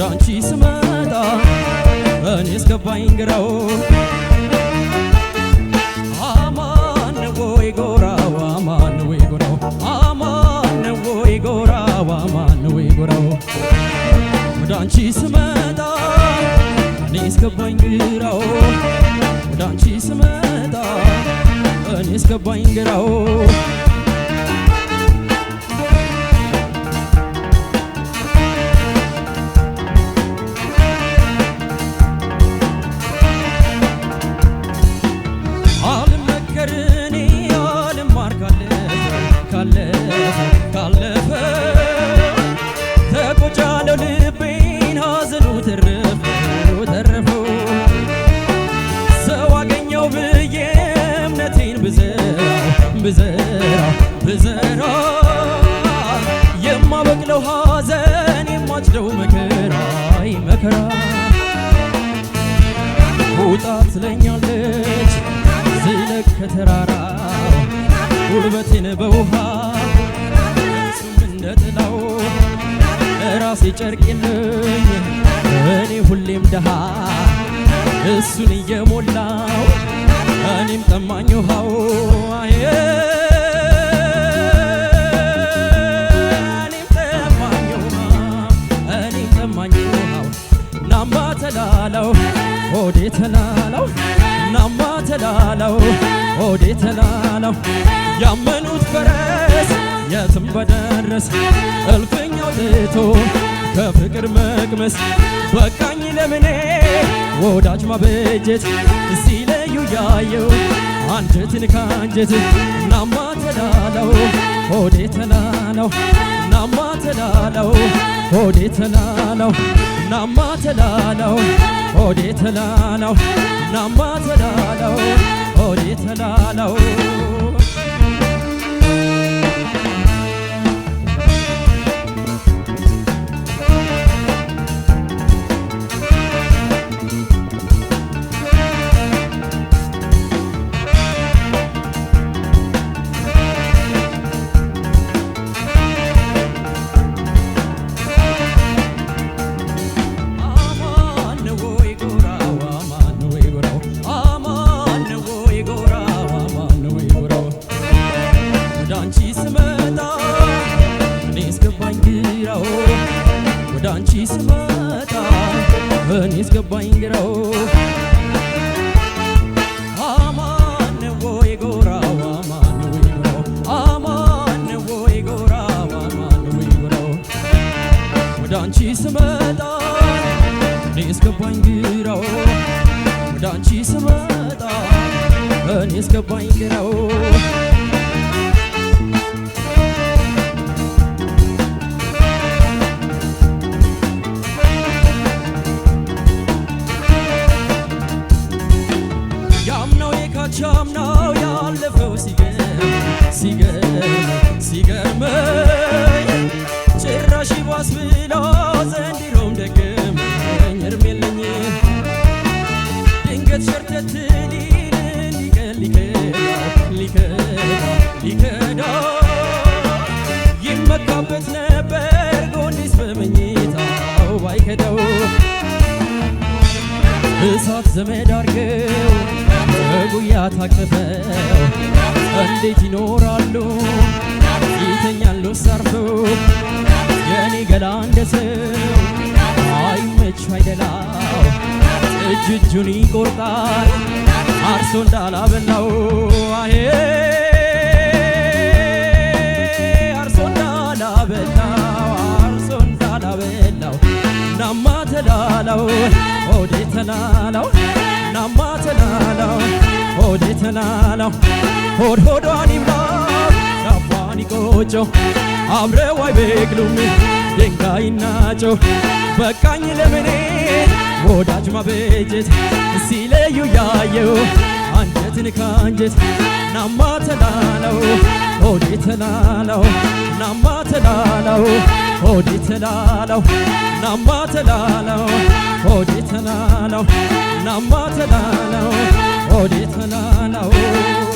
ወዳንቺ ስመጣ እኔ እስገባኝ ግራው አማን ወይ ጎራው አማን ወይ ጎራው አማን ወይ ጎራው አማን ወይ ጎራው ወዳንቺ ስመጣ እኔ እስገባኝ ግራው ወዳንቺ ስመጣ እኔ እስገባኝ ግራው ከተራራ ጉልበቴን በውሃ እሱም እንደ ጥላው ራሴ ጨርቄን እኔ ሁሌም ደሃ እሱን እየሞላው እኔም ጠማኝ ውሃው እኔም ጠማኝ ውሃው ናማ ተላላው ሆዴ ተላላው ተላለው ሆዴ ተላለው ያመኑት ፈረስ የትም በደረስ እልፍኝ አውጥቶ ከፍቅር መቅመስ በቃኝ ለምኔ ወዳጅ ማበጀት ሲለዩ ያየው አንጀትን ከአንጀት ናማ ተላለው ሆዴ ተላለው ናማ ተላለው ሆዴ ተላለው ናማ ተላለው ሆዴ ተላለው ናማ ተላለው ሆዴ ተላለው ወዳንቺ ስመጣ እኔስ ገባኝ ግራው ወዳንቺ ስመጣ እኔስ ገባኝ ግራው ወዳንቺ ስመጣ እኔስ ገባኝ ግራው መቻም ነው ያለፈው ሲገርም ሲገርም ሲገርመኝ ጭራሽ ባስ ብላ ዘንድሮም ደገመኝ እርም የለኝ ድንገት ሸርተት ሊልን ሊከ ሊከ ሊከዳ ይመካበት ነበር ጎኔስ በመኝታው ባይከዳው እሳት ዘመድ አርገው በጉያ ታቅፈው እንዴት ይኖራሉ? ይተኛሉ ሰርፈው የኔ ገላ እንደ ሰው አይመች አይደላው እጅ እጁን ይቆርጣል አርሶ እንዳላበላው አሄ አርሶ እንዳላበላው አርሶ እንዳላበላው ናማ ተላላው ወዴ ተላላው ናማ ተላላው ሆዴ ተላላው ሆድ ሆዷን ይብላ ዳቧን ይቆጨው አብረው አይበቅሉም ድንጋይና በቃኝ ለምኔ ወዳጅ ማበጀት ሲለዩ ያየው አንጀትን ከአንጀት ናማ ተላላው ሆዴ ተላላው ናማ ተላላው ሆዴ ተላለው ናማ ተላለው ሆዴ ተላለው ናማ ተላለው ሆዴ ተላለው